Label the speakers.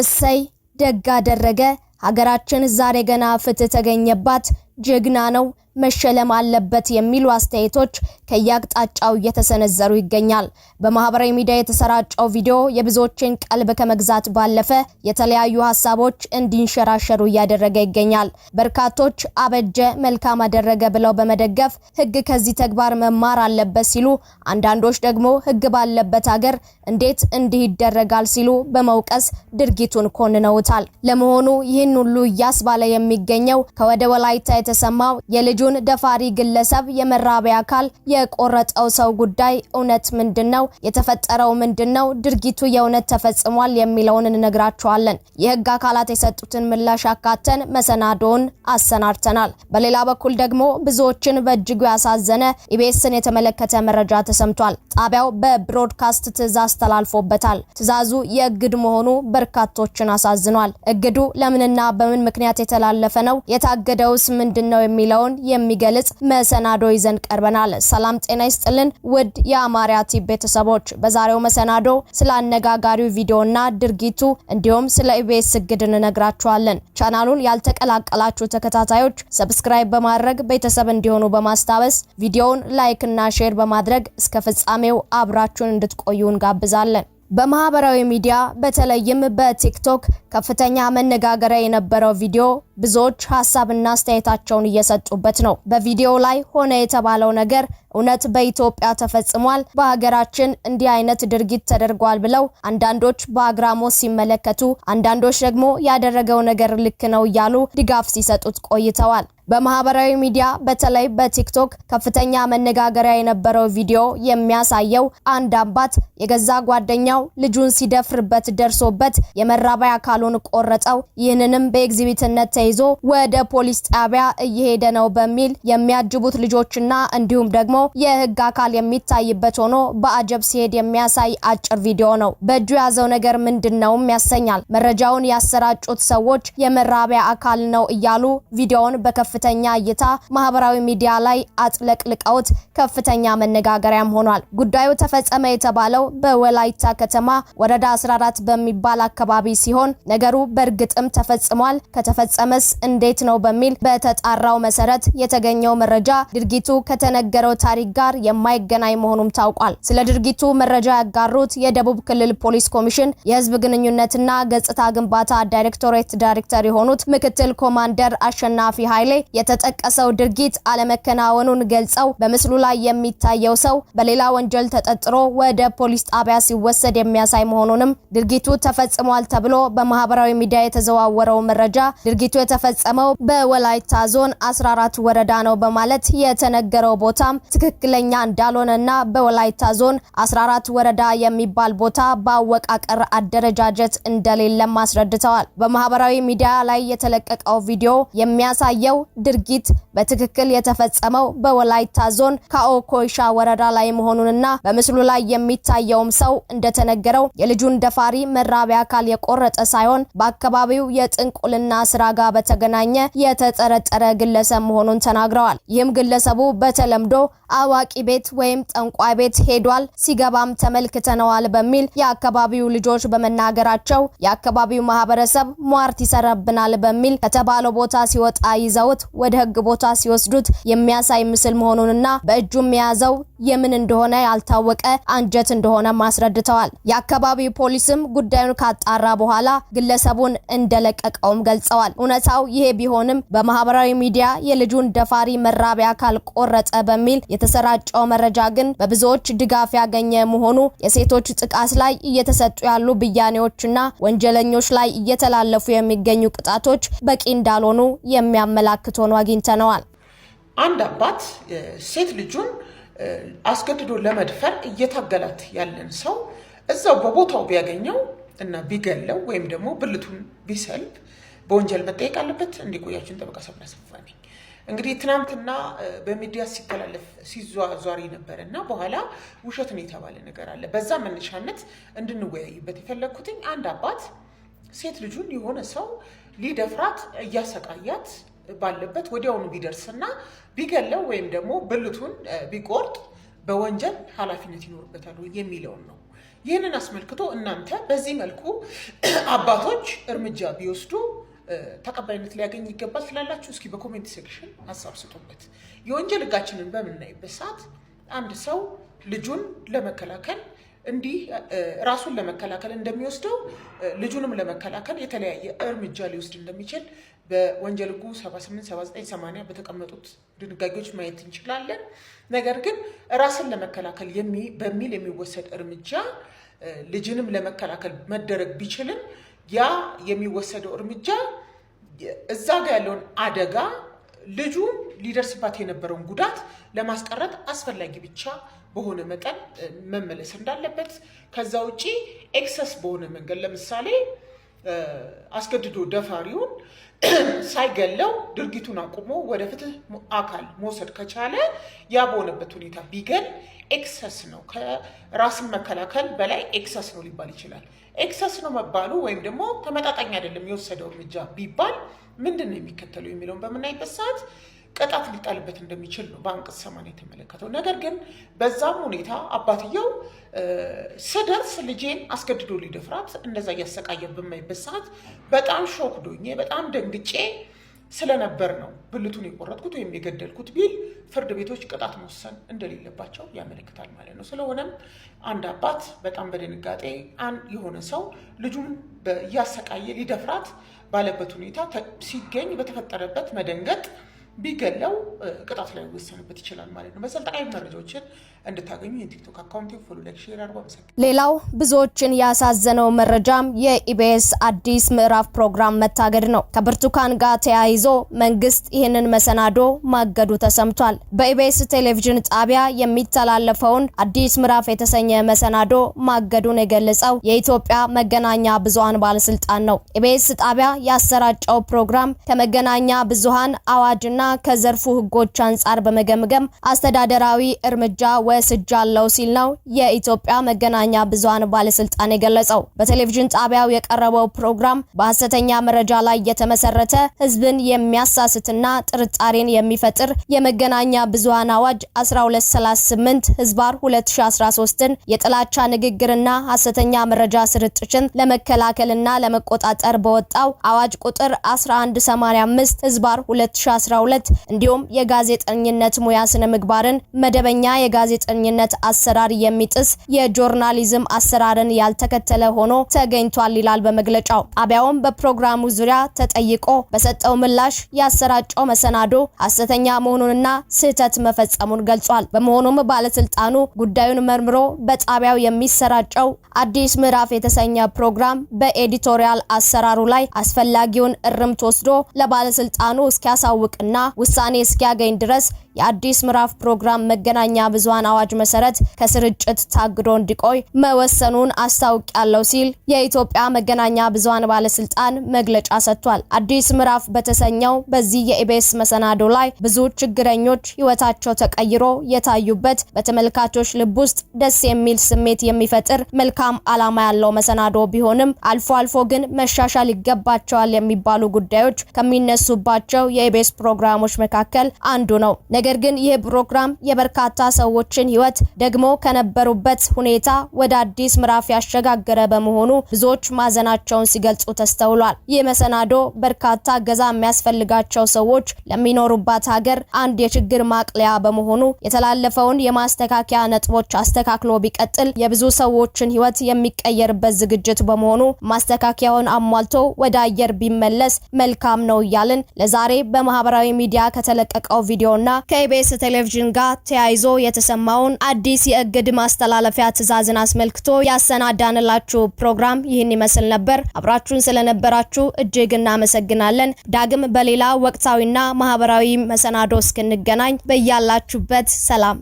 Speaker 1: እሰይ ደግ አደረገ። ሀገራችን ዛሬ ገና ፍትህ ተገኘባት ጀግና ነው፣ መሸለም አለበት የሚሉ አስተያየቶች ከየአቅጣጫው እየተሰነዘሩ ይገኛል። በማህበራዊ ሚዲያ የተሰራጨው ቪዲዮ የብዙዎችን ቀልብ ከመግዛት ባለፈ የተለያዩ ሀሳቦች እንዲንሸራሸሩ እያደረገ ይገኛል። በርካቶች አበጀ፣ መልካም አደረገ ብለው በመደገፍ ሕግ ከዚህ ተግባር መማር አለበት ሲሉ፣ አንዳንዶች ደግሞ ሕግ ባለበት አገር እንዴት እንዲህ ይደረጋል ሲሉ በመውቀስ ድርጊቱን ኮንነውታል። ለመሆኑ ይህን ሁሉ እያስባለ የሚገኘው ከወደ ወላይታ የተሰማው የልጁን ደፋሪ ግለሰብ የመራቢያ አካል የቆረጠው ሰው ጉዳይ እውነት ምንድን ነው? የተፈጠረው ምንድን ነው? ድርጊቱ የእውነት ተፈጽሟል የሚለውን እንነግራችኋለን። የህግ አካላት የሰጡትን ምላሽ አካተን መሰናዶውን አሰናድተናል። በሌላ በኩል ደግሞ ብዙዎችን በእጅጉ ያሳዘነ ኢቤስን የተመለከተ መረጃ ተሰምቷል። ጣቢያው በብሮድካስት ትዕዛዝ ተላልፎበታል። ትዕዛዙ የእግድ መሆኑ በርካቶችን አሳዝኗል። እግዱ ለምንና በምን ምክንያት የተላለፈ ነው? የታገደውስ ምን ምንድን ነው የሚለውን የሚገልጽ መሰናዶ ይዘን ቀርበናል። ሰላም ጤና ይስጥልን ውድ የአማርያ ቲቪ ቤተሰቦች፣ በዛሬው መሰናዶ ስለ አነጋጋሪው ቪዲዮና ድርጊቱ እንዲሁም ስለ ኢቢኤስ እግድ እንነግራችኋለን። ቻናሉን ያልተቀላቀላችሁ ተከታታዮች ሰብስክራይብ በማድረግ ቤተሰብ እንዲሆኑ በማስታወስ ቪዲዮውን ላይክ እና ሼር በማድረግ እስከ ፍጻሜው አብራችሁን እንድትቆዩ እንጋብዛለን። በማህበራዊ ሚዲያ በተለይም በቲክቶክ ከፍተኛ መነጋገሪያ የነበረው ቪዲዮ ብዙዎች ሀሳብና አስተያየታቸውን እየሰጡበት ነው። በቪዲዮው ላይ ሆነ የተባለው ነገር እውነት በኢትዮጵያ ተፈጽሟል፣ በሀገራችን እንዲህ አይነት ድርጊት ተደርጓል ብለው አንዳንዶች በአግራሞት ሲመለከቱ፣ አንዳንዶች ደግሞ ያደረገው ነገር ልክ ነው እያሉ ድጋፍ ሲሰጡት ቆይተዋል። በማህበራዊ ሚዲያ በተለይ በቲክቶክ ከፍተኛ መነጋገሪያ የነበረው ቪዲዮ የሚያሳየው አንድ አባት የገዛ ጓደኛው ልጁን ሲደፍርበት ደርሶበት የመራቢያ አካሉን ቆረጠው። ይህንንም በኤግዚቢትነት ተይዞ ወደ ፖሊስ ጣቢያ እየሄደ ነው በሚል የሚያጅቡት ልጆችና እንዲሁም ደግሞ የህግ አካል የሚታይበት ሆኖ በአጀብ ሲሄድ የሚያሳይ አጭር ቪዲዮ ነው። በእጁ የያዘው ነገር ምንድነውም ያሰኛል። መረጃውን ያሰራጩት ሰዎች የመራቢያ አካል ነው እያሉ ቪዲዮውን በከፍተኛ እይታ ማህበራዊ ሚዲያ ላይ አጥለቅልቀውት ከፍተኛ መነጋገሪያም ሆኗል። ጉዳዩ ተፈጸመ የተባለው በወላይታ ከተማ ወረዳ 14 በሚባል አካባቢ ሲሆን ነገሩ በእርግጥም ተፈጽሟል። ከተፈጸመስ እንዴት ነው በሚል በተጣራው መሰረት የተገኘው መረጃ ድርጊቱ ከተነገረው ታሪክ ጋር የማይገናኝ መሆኑም ታውቋል። ስለ ድርጊቱ መረጃ ያጋሩት የደቡብ ክልል ፖሊስ ኮሚሽን የህዝብ ግንኙነትና ገጽታ ግንባታ ዳይሬክቶሬት ዳይሬክተር የሆኑት ምክትል ኮማንደር አሸናፊ ኃይሌ የተጠቀሰው ድርጊት አለመከናወኑን ገልጸው በምስሉ ላይ የሚታየው ሰው በሌላ ወንጀል ተጠርጥሮ ወደ ፖሊስ ጣቢያ ሲወሰድ የሚያሳይ መሆኑንም ድርጊቱ ተፈጽሟል ተብሎ በማህበራዊ ሚዲያ የተዘዋወረው መረጃ ድርጊቱ የተፈጸመው በወላይታ ዞን 14 ወረዳ ነው በማለት የተነገረው ቦታም ትክክለኛ እንዳልሆነና በወላይታ ዞን 14 ወረዳ የሚባል ቦታ በአወቃቀር አደረጃጀት እንደሌለም አስረድተዋል። በማህበራዊ ሚዲያ ላይ የተለቀቀው ቪዲዮ የሚያሳየው ድርጊት በትክክል የተፈጸመው በወላይታ ዞን ከኦኮይሻ ወረዳ ላይ መሆኑንና በምስሉ ላይ የሚታየውም ሰው እንደተነገረው የልጁን ደፋሪ መራቢያ አካል የቆረጠ ሳይሆን በአካባቢው የጥንቁልና ስራ ጋር በተገናኘ የተጠረጠረ ግለሰብ መሆኑን ተናግረዋል። ይህም ግለሰቡ በተለምዶ አዋቂ ቤት ወይም ጠንቋይ ቤት ሄዷል፣ ሲገባም ተመልክተነዋል በሚል የአካባቢው ልጆች በመናገራቸው የአካባቢው ማህበረሰብ ሟርት ይሰራብናል በሚል ከተባለው ቦታ ሲወጣ ይዘውት ወደ ህግ ቦታ ሲወስዱት የሚያሳይ ምስል መሆኑንና በእጁም የያዘው የምን እንደሆነ ያልታወቀ አንጀት እንደሆነ አስረድተዋል። የአካባቢው ፖሊስም ጉዳዩን ካጣራ በኋላ ግለሰቡን እንደለቀቀውም ገልጸዋል። እውነታው ይሄ ቢሆንም በማህበራዊ ሚዲያ የልጁን ደፋሪ መራቢያ ካልቆረጠ በሚል የተሰራጨው መረጃ ግን በብዙዎች ድጋፍ ያገኘ መሆኑ የሴቶች ጥቃት ላይ እየተሰጡ ያሉ ብያኔዎችና ወንጀለኞች ላይ እየተላለፉ የሚገኙ ቅጣቶች በቂ እንዳልሆኑ የሚያመላክት ሆኖ አግኝተነዋል።
Speaker 2: አንድ አባት ሴት ልጁን አስገድዶ ለመድፈር እየታገላት ያለን ሰው እዛው በቦታው ቢያገኘው እና ቢገለው ወይም ደግሞ ብልቱን ቢሰልብ በወንጀል መጠየቅ አለበት። እንዲቆያችን ጠበቃ ሰብለ አሰፋ ነኝ። እንግዲህ ትናንትና በሚዲያ ሲተላለፍ ሲዟዟሪ ነበር እና በኋላ ውሸት ነው የተባለ ነገር አለ። በዛ መነሻነት እንድንወያይበት የፈለግኩትኝ አንድ አባት ሴት ልጁን የሆነ ሰው ሊደፍራት እያሰቃያት ባለበት ወዲያውኑ ቢደርስና ቢገለው ወይም ደግሞ ብልቱን ቢቆርጥ በወንጀል ኃላፊነት ይኖርበታል የሚለውን ነው። ይህንን አስመልክቶ እናንተ በዚህ መልኩ አባቶች እርምጃ ቢወስዱ ተቀባይነት ሊያገኝ ይገባል ትላላችሁ? እስኪ በኮሜንት ሴክሽን ሀሳብ ስጡበት። የወንጀል ሕጋችንን በምናይበት ሰዓት አንድ ሰው ልጁን ለመከላከል እንዲህ ራሱን ለመከላከል እንደሚወስደው ልጁንም ለመከላከል የተለያየ እርምጃ ሊወስድ እንደሚችል በወንጀል ሕጉ 78፣ 79፣ 80 በተቀመጡት ድንጋጌዎች ማየት እንችላለን። ነገር ግን ራስን ለመከላከል በሚል የሚወሰድ እርምጃ ልጅንም ለመከላከል መደረግ ቢችልም ያ የሚወሰደው እርምጃ እዛ ጋ ያለውን አደጋ ልጁ ሊደርስባት የነበረውን ጉዳት ለማስቀረት አስፈላጊ ብቻ በሆነ መጠን መመለስ እንዳለበት ከዛ ውጪ ኤክሰስ በሆነ መንገድ ለምሳሌ አስገድዶ ደፋሪውን ሳይገለው ድርጊቱን አቁሞ ወደ ፍትህ አካል መውሰድ ከቻለ ያ በሆነበት ሁኔታ ቢገል ኤክሰስ ነው። ከራስን መከላከል በላይ ኤክሰስ ነው ሊባል ይችላል። ኤክሰስ ነው መባሉ ወይም ደግሞ ተመጣጣኝ አይደለም የወሰደው እርምጃ ቢባል ምንድን ነው የሚከተለው የሚለውን በምናይበት ሰዓት ቅጣት ሊጣልበት እንደሚችል ነው በአንቀጽ ሰማንያ የተመለከተው። ነገር ግን በዛም ሁኔታ አባትየው ስደርስ ልጄን አስገድዶ ሊደፍራት እንደዛ እያሰቃየ በማይበት ሰዓት በጣም ሾክ ዶኜ በጣም ደንግጬ ስለነበር ነው ብልቱን የቆረጥኩት ወይም የገደልኩት ቢል ፍርድ ቤቶች ቅጣት መወሰን እንደሌለባቸው ያመለክታል ማለት ነው። ስለሆነም አንድ አባት በጣም በድንጋጤ የሆነ ሰው ልጁን እያሰቃየ ሊደፍራት ባለበት ሁኔታ ሲገኝ በተፈጠረበት መደንገጥ ቢገለው ቅጣት ላይ ወሰንበት ይችላል ማለት ነው። መሰል መረጃዎችን እንድታገኙ የቲክቶክ አካውንት ፎሎ፣ ላይክ፣ ሼር አድርጎ አመሰግናለሁ።
Speaker 1: ሌላው ብዙዎችን ያሳዘነው መረጃም የኢቢኤስ አዲስ ምዕራፍ ፕሮግራም መታገድ ነው። ከብርቱካን ጋር ተያይዞ መንግስት ይህንን መሰናዶ ማገዱ ተሰምቷል። በኢቢኤስ ቴሌቪዥን ጣቢያ የሚተላለፈውን አዲስ ምዕራፍ የተሰኘ መሰናዶ ማገዱን የገለጸው የኢትዮጵያ መገናኛ ብዙሃን ባለስልጣን ነው። ኢቢኤስ ጣቢያ ያሰራጨው ፕሮግራም ከመገናኛ ብዙሃን አዋጅና እና ከዘርፉ ህጎች አንጻር በመገምገም አስተዳደራዊ እርምጃ ወስጃለሁ ሲል ነው የኢትዮጵያ መገናኛ ብዙሃን ባለስልጣን የገለጸው። በቴሌቪዥን ጣቢያው የቀረበው ፕሮግራም በሐሰተኛ መረጃ ላይ የተመሰረተ ህዝብን የሚያሳስትና ጥርጣሬን የሚፈጥር የመገናኛ ብዙሃን አዋጅ 1238 ህዝባር 2013ን የጥላቻ ንግግርና ሐሰተኛ መረጃ ስርጭትን ለመከላከልና ለመቆጣጠር በወጣው አዋጅ ቁጥር 1185 ህዝባር 2012 2012 እንዲሁም የጋዜጠኝነት ሙያ ስነ ምግባርን፣ መደበኛ የጋዜጠኝነት አሰራር የሚጥስ የጆርናሊዝም አሰራርን ያልተከተለ ሆኖ ተገኝቷል ይላል በመግለጫው። ጣቢያውም በፕሮግራሙ ዙሪያ ተጠይቆ በሰጠው ምላሽ ያሰራጨው መሰናዶ ሐሰተኛ መሆኑንና ስህተት መፈጸሙን ገልጿል። በመሆኑም ባለስልጣኑ ጉዳዩን መርምሮ በጣቢያው የሚሰራጨው አዲስ ምዕራፍ የተሰኘ ፕሮግራም በኤዲቶሪያል አሰራሩ ላይ አስፈላጊውን እርምት ወስዶ ለባለስልጣኑ እስኪያሳውቅና ውሳኔ እስኪያገኝ ድረስ የአዲስ ምዕራፍ ፕሮግራም መገናኛ ብዙሃን አዋጅ መሰረት ከስርጭት ታግዶ እንዲቆይ መወሰኑን አስታውቂያለሁ ሲል የኢትዮጵያ መገናኛ ብዙሃን ባለስልጣን መግለጫ ሰጥቷል። አዲስ ምዕራፍ በተሰኘው በዚህ የኢቢኤስ መሰናዶ ላይ ብዙ ችግረኞች ህይወታቸው ተቀይሮ የታዩበት በተመልካቾች ልብ ውስጥ ደስ የሚል ስሜት የሚፈጥር መልካም ዓላማ ያለው መሰናዶ ቢሆንም አልፎ አልፎ ግን መሻሻል ይገባቸዋል የሚባሉ ጉዳዮች ከሚነሱባቸው የኢቢኤስ ፕሮግራሞች መካከል አንዱ ነው። ነገር ግን ይህ ፕሮግራም የበርካታ ሰዎችን ሕይወት ደግሞ ከነበሩበት ሁኔታ ወደ አዲስ ምዕራፍ ያሸጋገረ በመሆኑ ብዙዎች ማዘናቸውን ሲገልጹ ተስተውሏል። ይህ መሰናዶ በርካታ እገዛ የሚያስፈልጋቸው ሰዎች ለሚኖሩባት ሀገር አንድ የችግር ማቅለያ በመሆኑ የተላለፈውን የማስተካከያ ነጥቦች አስተካክሎ ቢቀጥል የብዙ ሰዎችን ሕይወት የሚቀየርበት ዝግጅት በመሆኑ ማስተካከያውን አሟልቶ ወደ አየር ቢመለስ መልካም ነው እያልን ለዛሬ በማህበራዊ ሚዲያ ከተለቀቀው ቪዲዮና ከኢቢኤስ ቴሌቪዥን ጋር ተያይዞ የተሰማውን አዲስ የእግድ ማስተላለፊያ ትዕዛዝን አስመልክቶ ያሰናዳንላችሁ ፕሮግራም ይህን ይመስል ነበር። አብራችሁን ስለነበራችሁ እጅግ እናመሰግናለን። ዳግም በሌላ ወቅታዊና ማህበራዊ መሰናዶ እስክንገናኝ በያላችሁበት ሰላም